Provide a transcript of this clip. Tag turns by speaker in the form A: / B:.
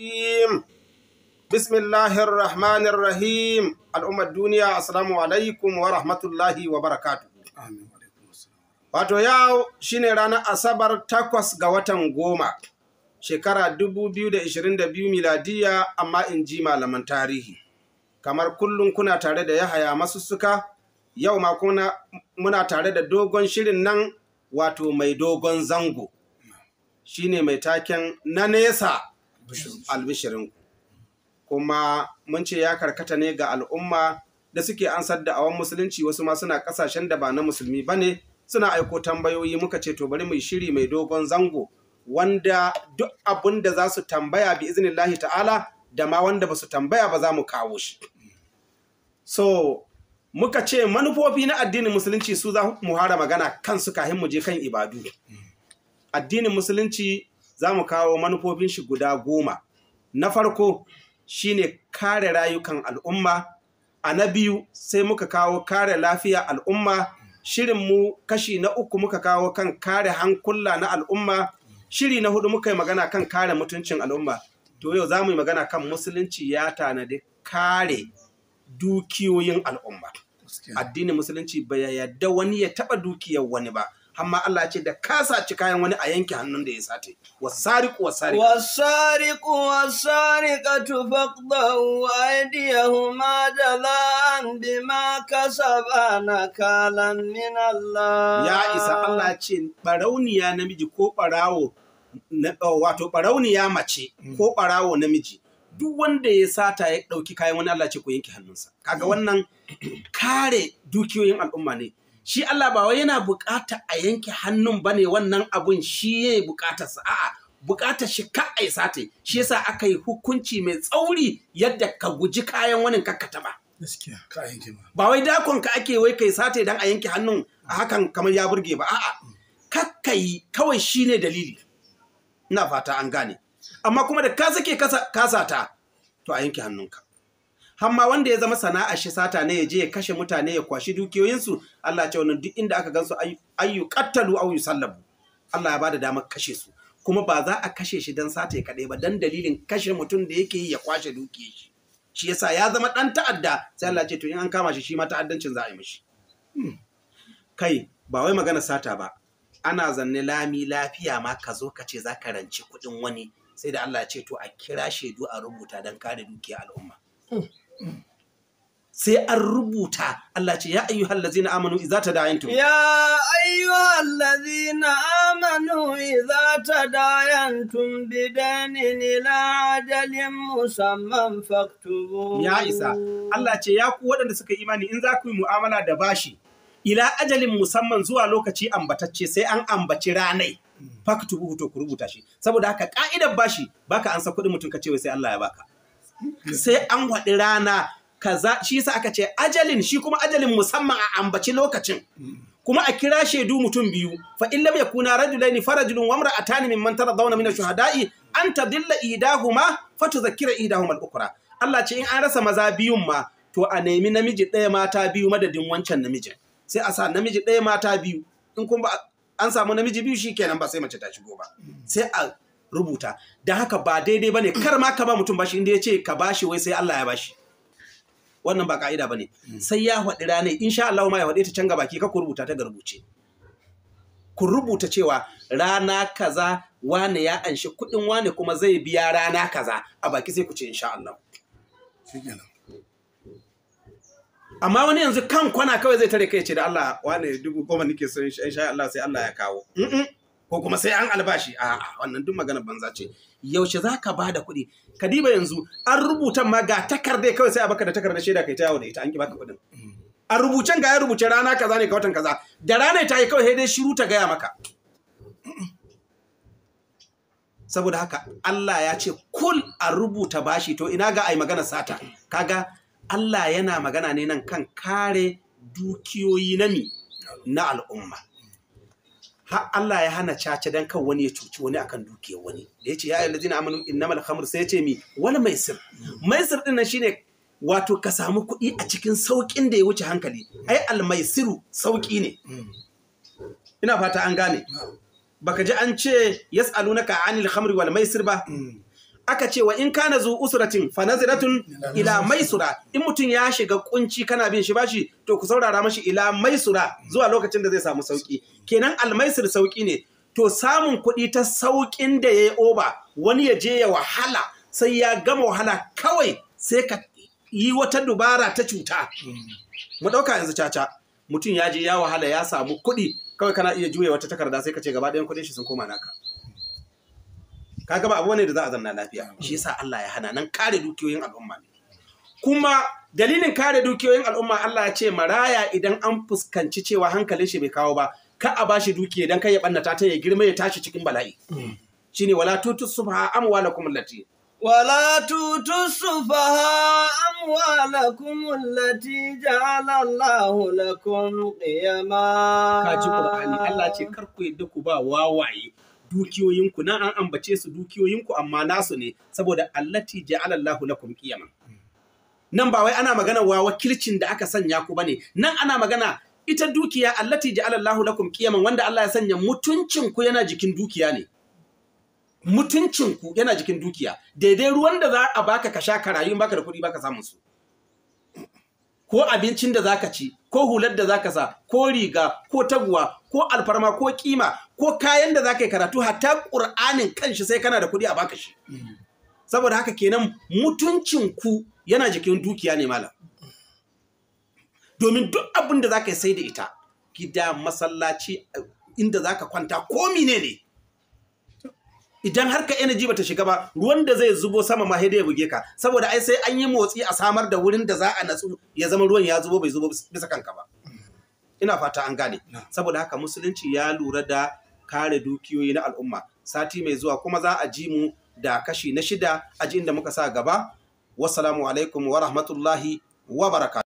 A: الرجيم بسم الله الرحمن الرحيم al'ummar duniya السلام alaikum ورحمة الله وبركاته wato yau shine ranar asabar takwas ga watan goma shekara 2022 miladiya amma in ji malaman tarihi kamar kullum kuna tare da yahaya suka? yau ma kuna muna tare da dogon shirin nan wato mai dogon zango shine mai taken na nesa albishirinku kuma mun ce ya karkata ne ga al'umma da suke ansar da awon musulunci wasu ma suna kasashen da ba na musulmi ba ne suna aiko tambayoyi muka ce to bari mu shiri mai dogon zango wanda duk abun da za su tambaya bi iznillahi ta'ala da ma wanda ba su tambaya ba za mu kawo shi so muka ce manufofi na addinin musulunci su za mu hara magana kan kansu kahin mu je kan ibadu addinin musulunci za mu kawo manufofin shi guda goma na farko shine kare rayukan al'umma a na biyu sai muka kawo kare lafiya al'umma shirin mu kashi na uku muka kawo kan kare hankula na al'umma shiri na hudu muka yi magana kan kare mutuncin al'umma to yau za mu yi magana kan musulunci ya tanadi kare dukiyoyin al'umma addinin musulunci bai yadda wani ya taɓa dukiyar wani ba amma Allah ce da ka saci kayan wani a yanke hannun da ya sace wasariqu wasariqu wasariqu wasariqatu faqdahu ma jalan bima na kalan min Allah ya isa Allah ce barauniya namiji ko barawo wato barauniya mace ko barawo namiji duk wanda ya sata ya ɗauki kayan wani Allah ce ko yanke hannunsa kaga wannan kare dukiyoyin al'umma ne shi Allah ba wai yana bukata a yanke hannun ne wannan abun shi ya bukatarsa a'a bukatar shi ka a sata shi yasa aka yi hukunci mai tsauri yadda ka guji kayan wani kakkata ba ba wai dakon ka ake wai kai sata dan a yanke hannun a hakan kamar ya burge ba a'a kakkai kawai shine dalili ina fata an gane amma kuma da ka sake kasa ta to a yanke hannunka har wanda ya zama sana'a shi sata ne ya je ya kashe mutane ya kwashi dukiyoyinsu Allah ce wannan duk inda aka gansu ayyu qattalu aw yusallabu Allah ya bada damar kashe su kuma ba za a kashe shi dan sata ya kadai ba dan dalilin kashe mutum da yake yi ya kwashe dukiyar shi yasa ya zama dan ta'adda sai Allah ce to in an kama shi shi ma ta'addancin za a yi mishi hmm. kai ba wai magana sata ba ana zanne lami lafiya ma ka zo ka ce za ka ranci kuɗin wani sai da Allah ya ce to a kira shaidu a rubuta don kare dukiyar al'umma. Hmm. sai an rubuta Allah ce ya ayyuhal ladzina amanu da yanto ya ayyuhal ladzina amanu da yanto bidanin ila ajalin musamman faktubu ya isa Allah ce ya ku waɗanda suka imani in za ku yi mu'amala da bashi ila ajalin musamman zuwa lokaci ambatacce sai an ambaci ranai faktubu to ku rubuta shi saboda haka ka'idar bashi baka ansa kuɗin mutum ka ce sai Allah ya baka sai an waɗi rana kaza shi sa aka ce ajalin shi kuma ajalin musamman a ambaci lokacin kuma a kira shaidu mutum biyu fa in lam yakuna rajulain farajulun wa imra'atani mimman taradawna min ash-shuhada'i an ta tadilla idahuma fa tudhakkira idahuma al-ukra Allah ce in an rasa maza biyun ma to a nemi namiji ɗaya mata biyu madadin wancan namijin sai a sa namiji ɗaya mata biyu in kuma an samu namiji biyu kenan ba sai mace ta shigo ba sai a rubuta da haka ba daidai bane kar ma ka ba mutum bashi inda ya ce ka bashi wai sai Allah ya bashi wannan ba ka'ida bane sai ya faɗi ranar insha Allah ma ya faɗi ta can baki ka ku rubuta ta garbuce rubuce ku rubuta cewa rana kaza wane ya anshi kuɗin wane kuma zai biya rana kaza a baki sai ku ce insha Allah amma wani yanzu kan kwana kawai zai tare kai ce da Allah wane dubu goma nake so insha Allah sai Allah ya kawo ko kuma sai an albashi a wannan duk magana banza ce yaushe za ka ba da kuɗi kadiba yanzu an rubuta ma ga takardai kawai sai a baka da takardar shaida kai ta yawo da ita an ki baka kuɗin a rubucen ga ya rubuce rana kaza ne ka watan kaza da rana ta yi kawai sai dai shiru ta gaya maka saboda haka Allah ya ce kul a rubuta bashi to ina ga ai magana sata kaga Allah yana magana ne nan kan kare dukiyoyi na mi na al'umma har Allah ya hana caca dan kan wani ya cuci wani akan dukiyar wani da yace ya ayyuhallazina amanu innamal khamr sai yace mi wal maisir maisir din nan shine wato ka samu kuɗi a cikin saukin da ya wuce hankali ai almaisiru sauki ne ina fata an gane baka ji an ce yas'alunaka anil khamri wal maisir ba aka ce wa in kana zu usratin fa nazratun ila maisura in mutum ya shiga kunci kana bin shi bashi to ku saurara mashi ila maisura zuwa lokacin da zai samu sauki kenan almaisir sauki ne to samun kuɗi ta saukin da yayi oba wani ya je ya wahala sai ya gama wahala kawai sai ka yi wata dubara ta cuta mu dauka yanzu caca mutum ya je ya wahala ya samu kuɗi kawai kana iya juya wata takarda sai ka ce gaba ɗayan kuɗin shi sun koma naka kaga ba abu ne da za a zanna lafiya shi yasa Allah ya hana nan kare dukiyoyin al'umma kuma dalilin kare dukiyoyin al'umma Allah ya ce maraya idan an fuskanci cewa hankalin shi bai kawo ba ka a bashi dukiya dan kai ya bannata ta ya girma ya tashi cikin bala'i hmm. shine wala tutus subha amwalakum allati ولا تؤتوا السفهاء أموالكم التي Ka ji لكم Allah ce kar ku يشكركم ku ba wawaye. dukiyoyinku nan an ambace su dukiyoyinku amma nasu ne saboda allati ja'ala Allahu lakum qiyaman nan ba wai ana magana wa wakilcin da aka sanya ku bane nan ana magana ita dukiya allati ja'ala Allahu lakum qiyaman wanda Allah ya sanya mutuncin ku yana jikin dukiya ne mutuncin yana jikin dukiya daidai ruwan da za a baka ka sha ka rayu baka da kuɗi baka samun su ko abincin da zaka ci ko hular da zaka sa ko riga ko taguwa ko alfarma ko kima ko kayan da zaka yi karatu hatta qur'anin kanshi sai kana da kuɗi a baka shi saboda haka kenan mutuncin ku yana jikin dukiya ne malam domin duk abin da zaka yi sai da ita gida masallaci inda zaka kwanta ko ne ne idan har ka energy bata shiga ba ruwan da zai zubo sama ma ya buge ka saboda ai sai an yi motsi a samar da wurin da za a natsu ya zama ruwan ya zubo bai zubo bisa kanka ba ina fata an gane saboda haka musulunci ya lura da kare dukiyoyi na al'umma sati mai zuwa kuma za a ji mu da kashi na shida a ji inda muka sa gaba wassalamu alaikum wa rahmatullahi wa barakatuh